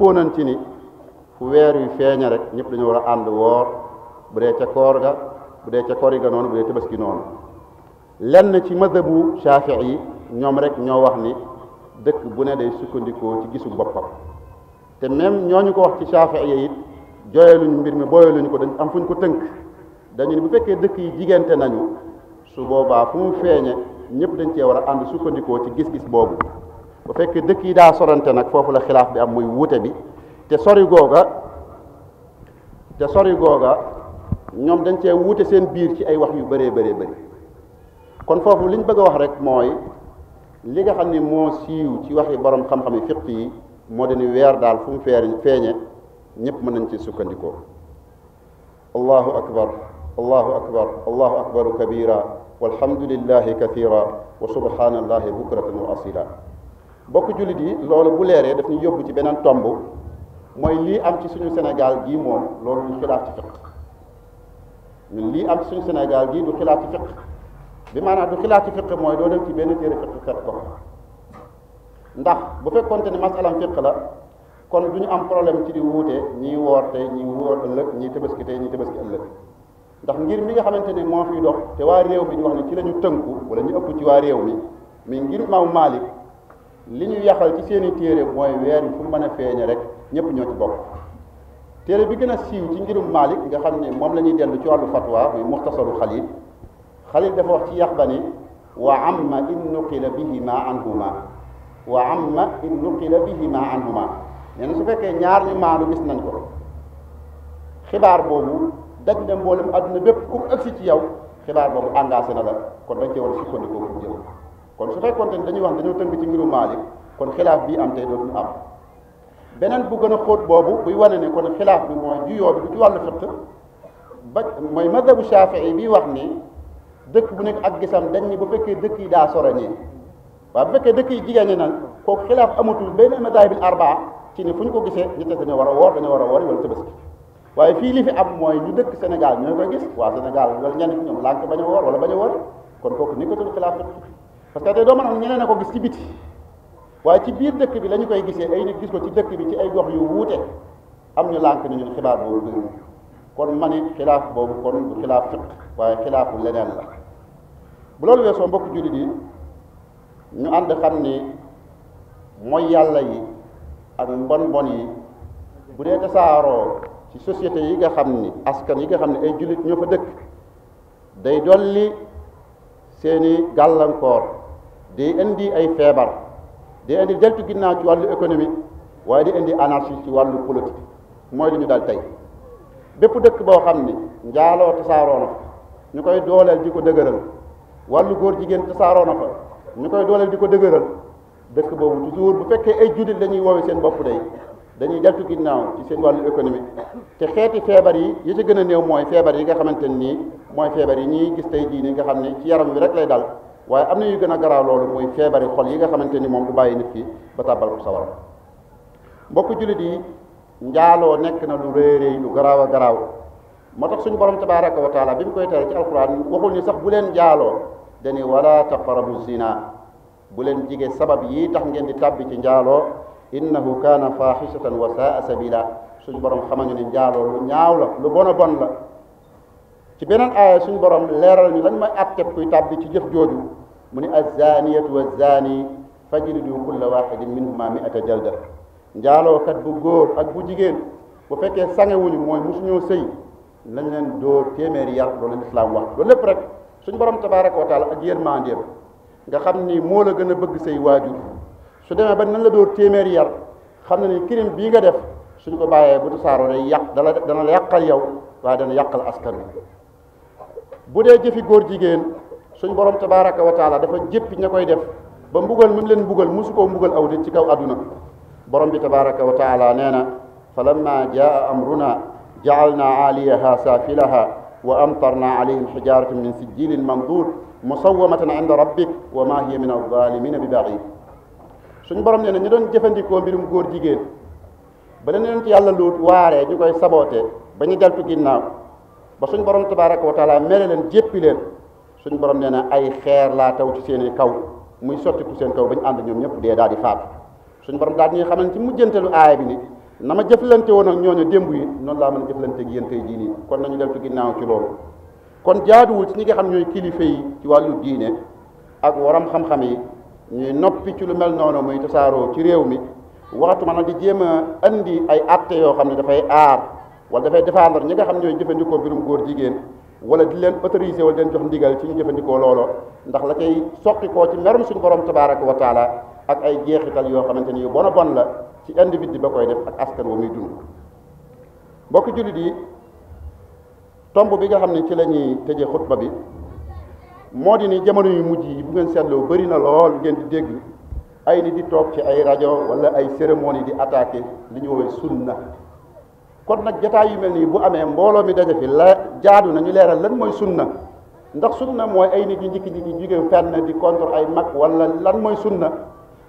dëppoo nañ ci ni fu weer yu feeña rek ñëpp dañu war a ànd woor bu dee ca koor ga bu dee ca yi ga noonu bu dee tabaski noonu lenn ci madhabu shafii yi ñoom rek ñoo wax ni dëkk bu ne day sukkandikoo ci gisu boppam te même ñooñu ko wax ci shafii yi it jooyaluñu mbir mi booyaluñu ko dañ am fu ñu ko tënk dañu ne bu fekkee dëkk yi jigante nañu su boobaa fu mu feeñe ñëpp dañ cee war a ànd sukkandikoo ci gis-gis boobu bu fekkee dëkk yi daa sorante nag foofu la xilaaf bi am muy wuute bi te sori googa te sori googa ñoom dañ cee wuute seen biir ci ay wax yu bëree bëree bëri kon foofu liñ bëgg a wax rek mooy li nga xam ni moo siiw ci waxi boroom xam-xam yi fiq yi moo di weer daal fu mu feer feeñe ñëpp mën nañ ci sukkandikoo allahu akbar allahu akbar allahu akbaru kabira walhamdulillahi kathira wa subhanallahi bukratan wa asila bokk jullit yi loolu bu leeree daf ñu yóbbu ci beneen tomb mooy lii am ci suñu Sénégal gii moom loolu ñu xilaaf ci fiq ñun lii am ci suñu Sénégal gii du xilaaf ci fiq bi maanaam du xilaaf ci fiq mooy doo dem ci benn téere fiq fekk ko ndax bu fekkoonte ne masalam fiq la kon du ñu am problème ci di wuute ñii woor tey ñii woor ëllëg ñii tabaski tey ñii tabaski ëllëg ndax ngir mi nga xamante ni moo fiy dox te waa réew bi ñu wax ne ci lañu tënku wala ñu ëpp ci réew mi mais ngir maamu Maalik li ñu yaxal ci seeni i téere mooy weer yi fu mën a feeñe rek ñëpp ñoo ci bokk téere bi gën a siiw ci ngirum Maalik nga xam ne moom la ñuy dellu ci wàllu fatwa muy muxtasaru Xaliil Xaliil dafa wax ci Yaxba ne wa amma in nuqila bihima anhuma wa amma in nuqila bihima anhuma nee na su fekkee ñaar ñu maanu gis nañ ko xibaar boobu daj na mboolem àdduna bépp ku agsi ci yow xibaar boobu engage na la kon dañ cee war a sukkandiku jël kon su fekkoon ne dañuy wax dañoo tënk ci mbiru Maalik kon xilaaf bii am tey dootul am beneen bu gën a xóot boobu buy wane ne kon xilaaf bi mooy juyoo bi du ci wàllu fiq ba mooy madhabu Shafii bi wax ni dëkk bu nekk ak gisam dañ ni bu fekkee dëkk yi daa sore nii waaw dëkk yi jigéen ñi nag kooku xilaaf amatul benn madhabil arbaa ci ne fu ñu ko gisee ñu te dañoo war a woor dañoo war a woor wala tabaski waaye li fi am mooy ñu dëkk Sénégal ñoo koy gis waa Sénégal wala ñenn ñoom lànk bañ a woor wala bañ a woor kon kooku ni ko tul xilaaf fiq parce que tey doo mën a xam ñeneen ko gis ci biti waaye ci biir dëkk bi lañu koy gisee ay nit gis ko ci dëkk bi ci ay gox yu wuute am ñu lànk ni ñun xibaar boobu gën kon mani ni xilaaf boobu kon du xilaaf fiq waaye xilaafu leneen la bu loolu weesoo mbokk jullit yi ñu ànd xam ni mooy yàlla yi ak mbon bon yi bu dee tasaaroo ci société yi nga xam ni askan yi nga xam ne ay jullit ñoo fa dëkk day dolli seeni gàllankoor day indi ay feebar de indi deltu ginnaaw ci wàllu économique waaye day indi anarchie ci wàllu politique mooy li ñu dal tey bépp dëkk boo xam ni njaaloo tasaaroo na fa ñu koy dooleel di ko dëgërël wàllu góor jigéen tasaaroo na ñu koy dooleel di ko dëgëral dëkk boobu toujours bu fekkee ay jullit dañuy woowe seen bopp day dañuy deltu ginnaaw ci seen wàllu économique te xeeti feebar yi yi ci gën a néew mooy feebar yi nga xamante nii mooy feebar yi ñuy gis tey jii ni nga xam ne ci yaram wi rek lay dal waaye am na yu gën a garaaw loolu muy feebari xol yi nga xamante ni moom du bàyyi nit ki ba tàbbal ko sawara mbokk jullit yi njaaloo nekk na lu réeréy lu garaaw a garaaw moo tax suñu borom tabaraka wa taala bi mu koy tere ci alquran waxul ni sax bu leen njaaloo dani wala taqrabu zina bu leen jige sabab yi tax ngeen di tàbbi ci njaaloo innahu kaana faaxisatan wa saa sabila suñu borom xamañu ni njaaloo lu ñaaw la lu bon a bon la ci beneen aaya suñu borom leeral ñu lan mooy àtte kuy tàbbi ci jëf jooju mu ne azzaaniyatu wazzaani fajlidu kulla waxidin minhuma mi'ata jalda njaalookat bu góor ak bu jigéen bu fekkee sangewuñu mooy mosuñoo sëy nañ leen dóor téeméeri yar loolu la islaam wax loolu lépp rek suñ borom tabaaraka wa taala ak yërmandeem nga xam ni moo la gën a bëgg say waajur su demee ba nañ la dóor téeméeri yar xam na ni crime bii nga def suñ ko bàyyee bu tasaaroo day yàq dala dana la yàqal yow waaye dana yàqal askan wi bu dee jëfi góor jigéen suñ borom tabaraka wa taala dafa jéppi ña koy def ba mbugal mi mu leen mbugal musu koo mbugal aw nit ci kaw aduna borom bi tabaraka wa taala nee na fa lamma jaa amruna jaalna aaliyaha saafilaha wa amtarna alayhim xijaratan min sijilin mandur musawamatan inda rabbik wa ma hiya min alzalimina bi baid suñ borom nee na ñu doon jëfandikoo mbirum góor jigéen ba leen yonent yàlla luut waaree ñu koy saboote ba ñu deltu ginnaaw ba suñ borom tabaraka wa taala leen jéppi leen suñu borom nee na ay xeer laa taw ci seen i kaw muy sottiku seen kaw ba ñu ànd ñoom ñëpp dee daal di faatu suñu borom daal ñuy xamal ci mujjantelu aaya bi ni na ma jëflante woon ak ñooñu démb yi noonu laa man a jëflante ak yéen tey jii nii kon nañu deltu ginnaaw ci loolu kon jaaduwul ci ñi nga xam ñooy kilifa yi ci wàllu diine ak waram xam-xam yi ñuy noppi ci lu mel noonu muy tasaaroo ci réew mi waxtu man di jéem a andi ay atte yoo xam ne dafay aar wala dafa défendre ñi nga xam ñooy jëfandikoo mbirum góor jigéen wala di leen autorisé wala di leen jox ndigal ci ñu jëfandikoo looloo ndax la koy soqi ci merum suñu borom tabaraka wa taala ak ay jeexital yoo xamante ni yu bon a bon la ci individu ba koy def ak askan wa muy dund mbokki jullit yi tomb bi nga xam ne ci lañuy ñuy tëjee xutba bi moo di ni jamono yu mujj yi bu ngeen seetloo bëri na lool ngeen di dégg ay nit di toog ci ay rajo wala ay cérémonie di attaqué li ñu woowee sunna kon nag jataay yu mel nii bu amee mbooloo mi daje fi la jaadu na leeral lan mooy na ndax na mooy ay nit yu njikki njikki jóge fenn di contre ay mag wala lan mooy sunna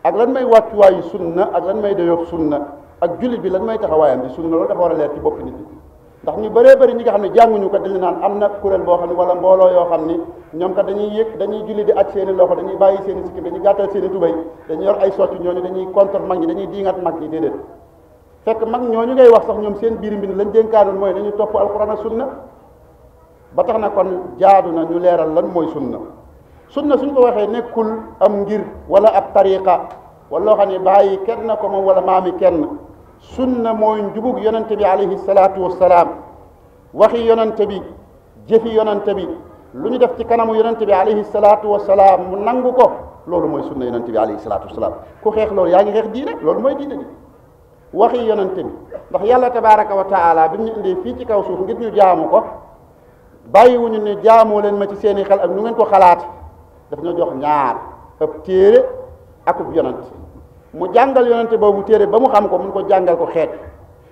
ak lan may wàccuwaayu sunna ak lan may doyof sunna ak jullit bi lan may taxawaayam bi sunna loolu dafa war a leer ci bopp nit bi ndax ñu bëree bari ñi nga xam ne jànguñu ko dañu naan am na kuréel boo xam ne wala mbooloo yoo xam ni ñoom kat dañuy yëg dañuy julli di aj seeni loxo dañuy bàyyi seeni sikki dañuy gàttal seeni tubay dañuy yor ay sotti ñooñu dañuy contre mag ñi dañuy diingat mag ñi déedéet fekk mag ñooñu ngay wax sax ñoom seen biir mbind lañ dénkaanoon mooy nañu topp alquran ak sunna ba tax na kon jaadu na ñu leeral lan mooy sunna sunna suñ ko waxee nekkul am ngir wala ab tariqa wala loo xam ne bàyyi kenn ko moom wala maami kenn sunna mooy njubug yonente bi alayhi salaatu wassalaam waxi yonente bi jëfi yonente bi lu ñu def ci kanamu yonente bi alayhi salaatu wassalaam mu nangu ko loolu mooy sunna yonente bi alayhi salaatu wassalaam ku xeex loolu yaa ngi xeex diine loolu mooy diine bi waxi yonante bi ndax yàlla tabaraka wa taala bi ñu indee fii ci kaw suuf ngir ñu jaamu ko bàyyiwuñu ne jaamoo leen ma ci seeni xel ak nu ngeen ko xalaat daf ñoo jox ñaar ab téere akub yonante mu jàngal yonante boobu téere ba mu xam ko mun ko jàngal ko xeet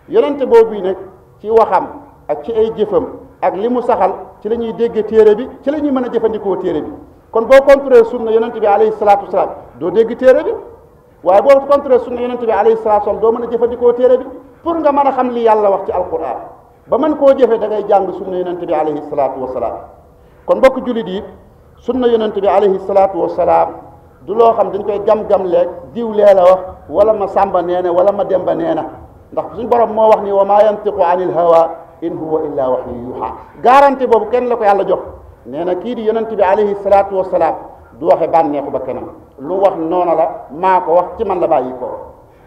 yonante boobu yi nag ci waxam ak ci ay jëfam ak li mu saxal ci la ñuy dégg téere bi ci la ñuy mën a jëfandikoo téere bi kon boo contrôler sunna yonante bi alayhi salaatu wasalaam doo dégg téere bi waaye boo contre sunna yonente bi alayhi salatu wasallam doo mën a jëfandikoo téere bi pour nga mën a xam li yàlla wax ci alquran ba mën koo jëfe da ngay jàng sunna yonente bi alayhi salatu wasalaam kon mbokk jullit yi sunna yonente bi alayhi salatu wasalaam du loo xam dañ koy gam-gam leeg diw lee la wax wala ma sàmba nee na wala ma demba nee na ndax suñ borom moo wax ni wa maa yantiqu anil hawa in huwa illa wahyu yuha garanti boobu kenn la ko yàlla jox nee na kii di yonente bi alayhi salatu wasalaam du waxe bànneexu ba kenam lu wax noona la maa ko wax ci man la bàyyi ko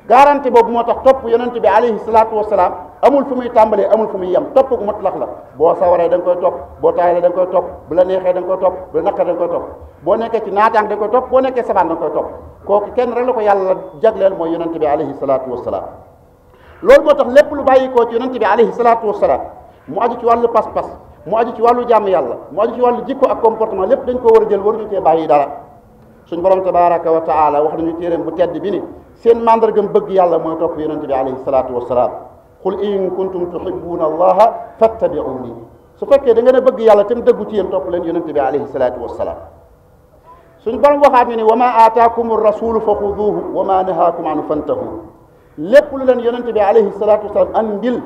garanti boobu moo tax topp yonent bi alayhi salaatu wasalaam amul fu muy tàmbalee amul fu muy yem topp gu mutlaq la boo sawaree da nga koy topp boo taayalee da koy topp bu la neexee da nga koy topp bu la naqaree da nga koy topp boo nekkee ci naataang da nga koy topp boo nekkee sabaan da nga koy topp kooku kenn rek la ko yàlla jagleel mooy yonent bi alayhi salaatu wasalaam loolu moo tax lépp lu bàyyi koo ci yonent bi alayhi salaatu wasalaam mu aju ci wàllu pas mu aju ci wàllu jàmm yàlla mu aju ci wàllu jikko ak comportement lépp dañ ko war a jël waruñu cee bàyyi dara suñ borom tabaraka wa taala wax nañu téeréem bu tedd bi ni seen mandargam bëgg yàlla mooy topp yonente bi alayhi salaatu wasalaam qul in kuntum tuhibbuuna allaha fattabi'uuni su fekkee da ngeen a bëgg yàlla tam dëggu ci yéen topp leen yonente bi alayhi salaatu wasalaam suñ borom waxaat ñu ni wa maa aataakum rasulu fa xuduuhu wa maa nahaakum anu fantahu lépp lu leen yonente bi alayhi salaatu wasalaam andil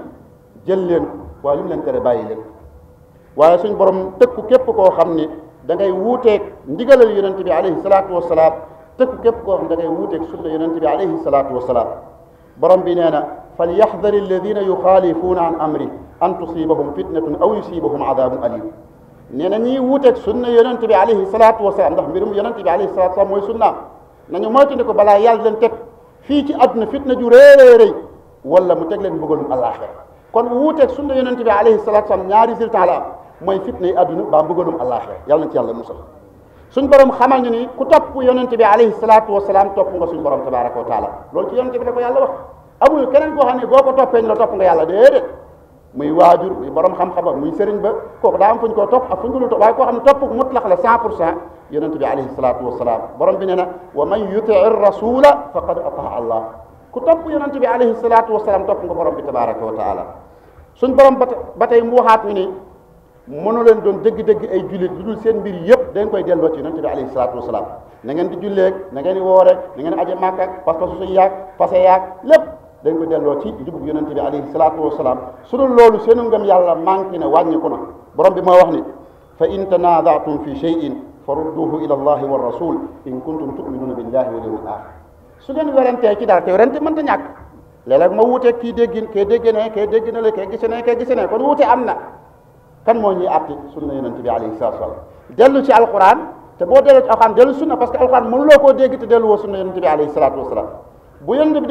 jël leen ko waaye lu mu leen tere bàyyi leen waaye suñ borom tëkku képp koo xam ni da ngay wuuteeg ndigalal yonente bi alayhi salaatu wasalaam tëkku képp koo xam da ngay wuuteeg sunna yonente bi alayhi salaatu wasalaam borom bi nee na falyaxdari alladina yuxaalifuuna an amri an tusibahum fitnatun aw yusibahum adabun alim nee na ñiy wuuteeg sunna yonente bi alayhi salaatu wasalaam ndax mbirum yonente bi alayhi salaatu wasalaam mooy sunnaam nañu moytandi ko balaa yàlla leen teg fii ci àdduna fitna ju réerée rëy wala mu teg leen mbugalum àllaaxira kon wuuteeg sunna yonente bi alayhi salaatu wasalaam ñaari résultat la mooy fitna yi àdduna baa mbëggalum àllaaxira yàlla na ci yàlla musal suñ borom xamal ñu ku topp yonente bi alayhi salaatu borom tabaraka wa taala loolu ci yonente bi da ko yàlla wax amul keneen koo xam boo ko toppee ñu la topp nga yàlla muy waajur muy borom xam-xam ak muy sëriñ ba kooku daa am fuñ koo topp ak fuñ ko lu topp waaye koo xam la cent pour cent yonente allah ku borom bi mu waxaat ñu mënu leen doon dëgg-dëgg ay jullit lu dul seen mbir yëpp dañ koy delloo ci yonente bi alayhi salaatu wasalaam na ngeen di julleeg na ngeen di woore na ngeen aje màkk ak parce que suñu yaag parce que yaag lépp dañ koy delloo ci su loolu seenu ngëm yàlla manqué ne wàññiku na borom bi moo wax fa in tanaza'tum fi shay'in farudduhu ila allahi wa rasul in kuntum tu'minuna billahi wal yawmil akhir su ngeen werantee ci dara te werante mënta ñàkk léeg kan moo ñuy àtti sunna yonente bi alayhi salatu dellu ci alquran te boo delloo ci alquran dellu sunna parce que alquran mënuloo koo dégg te delluwoo dee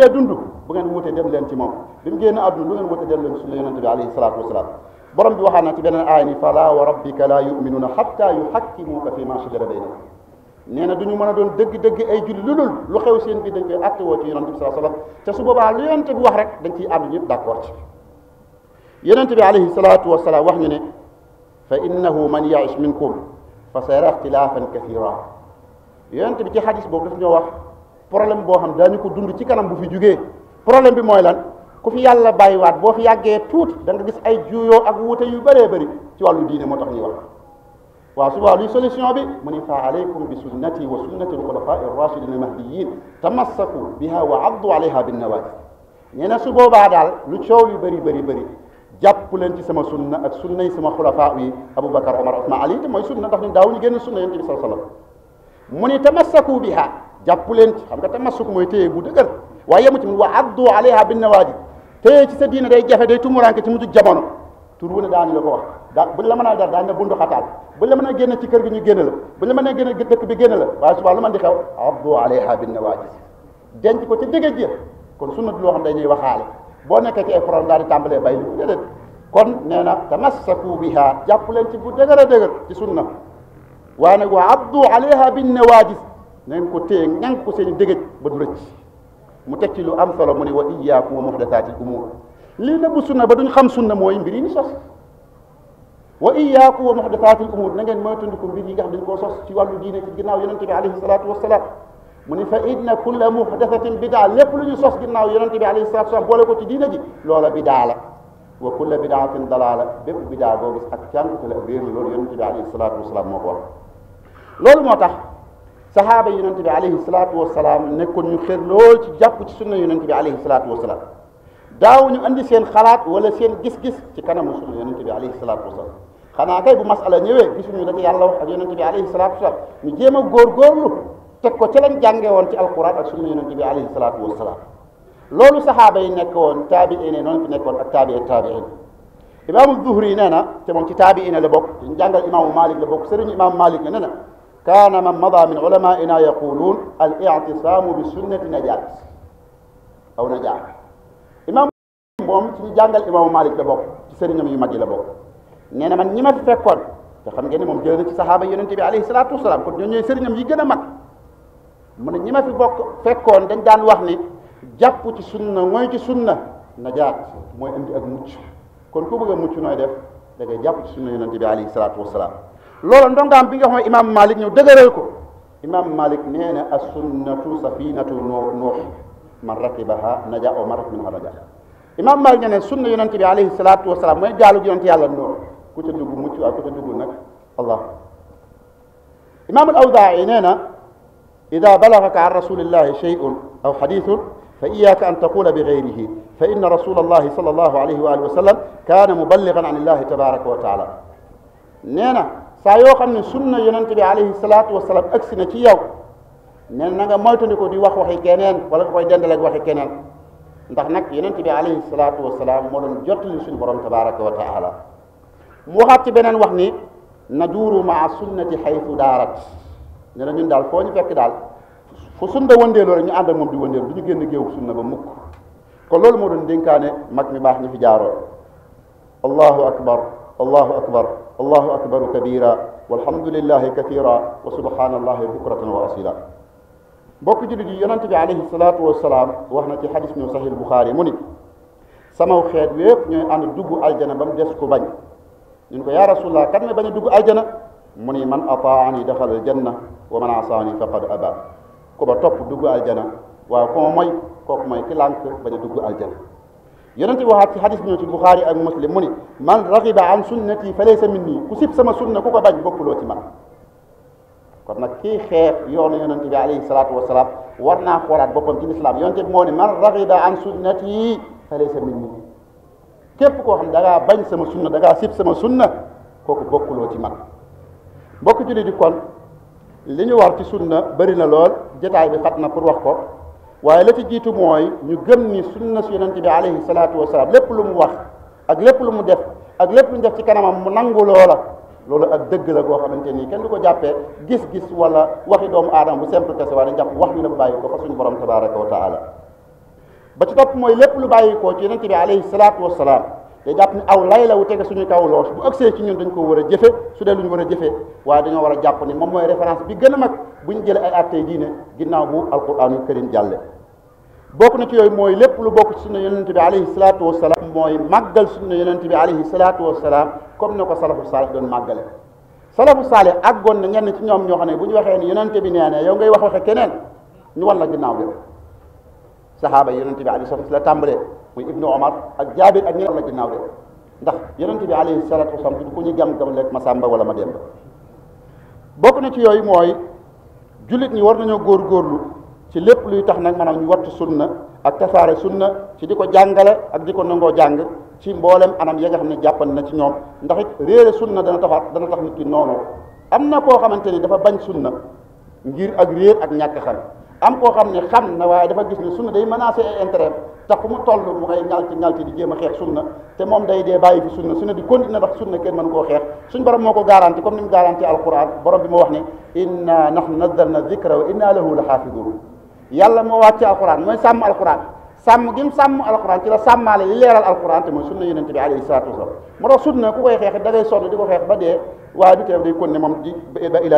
dund bu ngeen dem leen ci moom bi mu génn àdduna lu ngeen sunna yonente bi alayhi salatu wasalam borom bi waxaa na ci beneen aaya ni fala wa rabbika la yuminuuna xatta yuxakkimuuka fi ma shajara baynahum nee du ñu mën doon dëgg-dëgg ay julli lu dul lu xew seen bi dañ koy àtte woo ci yonente bi sallallahu alayhi wasallam te su wax rek dañ ne فإنه من يعش منكم فسيرى اختلافا كثيرا yonent bi ci xadis boobu daf ñoo wax problème boo xam daañu ko dund ci kanam bu fi jugee problème bi mooy lan ku fi yàlla bàyyiwaat boo fi yàggee tuuti da nga gis ay juuyoo ak wuute yu bëree bëri ci wàllu diine moo tax ñuy wax waaw subaa luy solution bi mu ni fa alaykum bi sunnati wa sunnati alxulafaa irrachidin almahdiyin tamassaku biha wa addu alayha binnawaaj nee na su boobaa daal lu coow yu bëri bëri bëri jàpp leen ci sama sunna ak sunnay sama xulafaa yi aboubacar omar osman ali te mooy sunna ndax ñun daawuñu génn sunna yonent bi saa sallam mu ni tamassaku biha jàpp leen ci xam nga tamassuk mooy téye bu dëgër waaye yemu ci mun wa addu alayha bin nawaadi téye ci sa diina day jafe day tumuranke ci mujj jamono tur wu ne daañu la ko wax daa buñ la mën a dar daañu la bundu xataal buñ la mën a génn ci kër gi ñu génn la buñ la mën a génn dëkk bi génn la waaye subaa lu man di xew addu alayha bin nawaadi denc ko kon sunna du loo xam day ñuy waxaale boo nekkee ci ay problème daal di tàmbalee bay li déedéet kon nee na tamassaku biha jàpp leen ci bu dëgër a dëgër ci sunna waaye nag waa abdu alayha bin nawaajis nañ ko téye ngank ko seen dëgëj ba du rëcc mu teg ci lu am solo mu ne wa iyaakum wa muhdathaati l umuur lii sunna ba duñ xam sos wa iyaakum wa muhdathaati l umuur na ngeen moytandiku mbir yi nga xam dañ koo sos ci wàllu diine ci ginnaaw yonente bi alayhi salaatu mu ni fa inna kulla muhdathatin bidaa lépp lu ñu sos ginnaaw yonente bi alayhi salatu wasalam boole ko ci diina ji loola bidaa la wa kulla bidaatin dalaala bépp bidaa boo gis ak cànkute la réer la loolu yonente bi alayhi salatu wasalam moo ko wax loolu moo tax sahaaba yonente bi alayhi salatu wasalam nekkoon ñu xër lool ci jàpp ci sunna yonente bi alayhi salatu wasalam daaw ñu andi seen xalaat wala seen gis-gis ci kanamu sunna yonente bi alayhi salatu wasalam xanaa kay bu masala ñëwee gisuñu rek yàlla wax ak yonente bi alayhi salatu wasalam ñu jéem a góorgóorlu teg ko ci lañ jànge woon ci alquran ak sunna yonent bi alayhi salaatu wasalaam loolu saxaaba yi nekk woon taabiin yi noonu fi nekkoon ak taabi taabiin imaamu zuhri nee na te moom ci taabiin la bokk ñu jàngal imaamu malik la bokk sëriñ imaamu malik la nee na kaana man mada min ulamaina yaquluun al i'tisaamu bi sunnati najaat aw najaat imaam moom ci ñu jàngal imaamu malik la bokk ci sëriñam yu mag yi la bokk nee na man ñi ma fekkoon te xam ngeen ne moom jël na ci saxaaba yonent bi alayhi salaatu wasalaam kon ñoo ñooy sëriñam yi gën a mag mu ne ma fi bokk fekkoon dañ daan wax ni jàpp ci sunna mooy ci sunna najaat mooy indi ak mucc kon ku bëgg a mucc nooy def da ngay jàpp ci sunna yonente bi alayhi salaatu wasalaam don ndongaam bi nga xam ne imaam Malik ñëw dëgëral ko imaam Malik nee na as sunnatu safinatu nuux man rakibaha naja o man rakibaha naja imaam Malik ne ne sunna yonente bi alayhi salaatu wasalaam mooy jaalu yonente yàlla nuux ku ca dugg mucc waaye ku ca dugg nag allah imaam al awdaayi nee na إذا بلغك عن رسول الله شيء أو حديث فإياك أن تقول بغيره فإن رسول الله صلى الله عليه وآله وسلم كان مبلغا عن الله تبارك وتعالى نينا saa yoo xam ne sunna yonent bi alayhi salaatu wasalaam agsi na ci yow ne na nga moytandiku di wax waxi keneen wala nga koy dendaleeg waxi keneen ndax nag yonent bi alayhi salaatu wasalaam moo doon jottali suñu borom tabaraka wa taala mu waxaat ci beneen wax ni najuuru maa sunnati xaytu daarat nee na daal foo ñu fekk daal fu sunna wëndeelu rek ñu ànd ak moom di wëndeelu du ñu génn géewu sunna ba mukk kon loolu moo doon dénkaane mag mi baax ñi fi jaaroon allahu akbar allahu akbar allahu akbaru kabira walhamdulillahi kathira wa subhanallahi bukratan wa asila mbokk jullit yi yonente bi alayhi salaatu wasalaam wax na ci xadis ñëw sahih buxaari mu ni samaw xeet wépp ñooy ànd dugg aljana ba mu des ko bañ ñun ko yaa rasulullah kan ne bañ a ay aljana mu ni man ataani daxal aljanna wa man asaani faqad aba ku ba topp dugg aljana waaye ku ma moy kooku mooy ki lànk bañ a dugg aljana yonent bi waxaat ci xadis bi ñëw ci buxaari ak muslim mu ni man raxiba an sunnati fa laysa minni ku sib sama sunna ku ko bañ bokkuloo ci man kon nag kii xeex yoonu yonent bi alayhi salaatu wasalaam war naa xoolaat boppam ci lislaam yonent bi moo ne man raxiba an sunnati fa laysa minni képp koo xam bañ sama sunna da ngaa sib sama sunna kooku bokkuloo ci man mbokk julli di kon li ñu war ci sunna bëri na lool jotaay bi xat na pour wax ko waaye la ci jiitu mooy ñu gëm ni sunna su yonente bi alayhi salaatu wasalaam lépp lu mu wax ak lépp lu mu def ak lépp lu mu def ci kanamam mu nangu loola loolu ak dëgg la goo xamante nii kenn du ko jàppee gis-gis wala waxi doomu aadama bu simple kese waaye jàpp wax yu la bu bàyyi ko fa suñu borom tabaraka wa taala ba ci topp mooy lépp lu bàyyi koo ci yonente bi alayhi salaatu wasalaam te jàpp ne aw lay la wu tege suñu kaw loos bu agsee ci ñun dañ ko war a jëfe su dee lu ñu war a jëfee waaye dañoo war a jàpp ne moom mooy référence bi gën mag bu ñu jëlee ay attey diine ginnaaw bu alquraanul karim jàlle bokk na ci yooyu mooy lépp lu bokk ci sunna yonente bi alayhi salaatu wasalaam mooy màggal sunna yonente bi alayhi salaatu wasalaam comme na ko salafu saalih doon màggale salafu saalih àggoon na ñenn ci ñoom ñoo xam ne bu ñu waxee ne yonente bi nee na yow ngay wax waxe keneen ñu wan la ginnaaw bi sahaaba yonente bi alayhi salaatu wasalaam la tàmbalee muy ibnu omar ak jaabir ak ñi la ginnaaw de ndax yonent bi alayhi salatu wasalam du ko ñu gam-gam leeg masamba wala ma demba bokk na ci yooyu mooy jullit ñi war nañoo góor góorgóorlu ci lépp luy tax nag maanaam ñu wattu sunna ak tasaare sunna ci di ko jàngale ak di ko nangoo jàng ci mboolem anam ya nga xam ne jàppan na ci ñoom ndax it réere sunna dana taxaat dana tax nit ki noonu am na koo xamante ni dafa bañ sunna ngir ak réer ak ñàkk xam am koo xam ne xam na waaye dafa gis ne sunna day menacé ay intérêt tax fu mu toll mu koy ñalti ñalti di jéem a xeex sunna te moom day dee bàyyi fi sunna sunna di continuer ndax sunna kenn mën koo xeex suñ borom moo ko garanti comme ni mu garanti alquran borom bi moo wax ne inna nahnu nazzalna dhikra yàlla moo wàcc alquran mooy sàmm alquran sàmm gi mu sàmm alquran ci la sàmmaale li leeral alquran te mooy sunna yonente bi alayhi salatu wasalam moo tax sunna ku koy xeex da ngay sonn di ko xeex ba dee waaye du moom di ba ila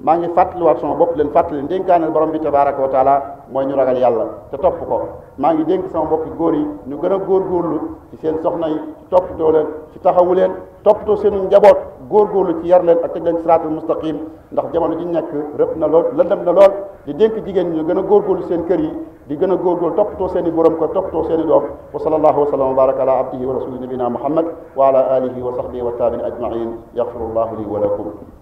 maa ngi fàttaliwaat sama bopp leen fàttali dénkaaneel borom bi tabaraka wa taala mooy ñu ragal yàlla te topp ko maa ngi dénk sama mbokki góor yi ñu gën a góorgóorlu ci seen soxna yi ci toppatoo leen ci taxawu leen too seenu njaboot góor góorgóorlu ci yar leen ak teg leen siraatul mustaqim ndax jamono ji nekk rëpp na lool lëndëm na lool di dénk jigéen ñu gën a góorgóorlu seen kër yi di gën a góorgóorlu toppatoo seen i borom ko toppatoo seen i doom wa sallallahu wa sallam wa baraka ala abdihi wa rasuli nabina muhammad wa ala alihi wa sahbihi wa taabin ajmain yaxfirullahu li wa lakum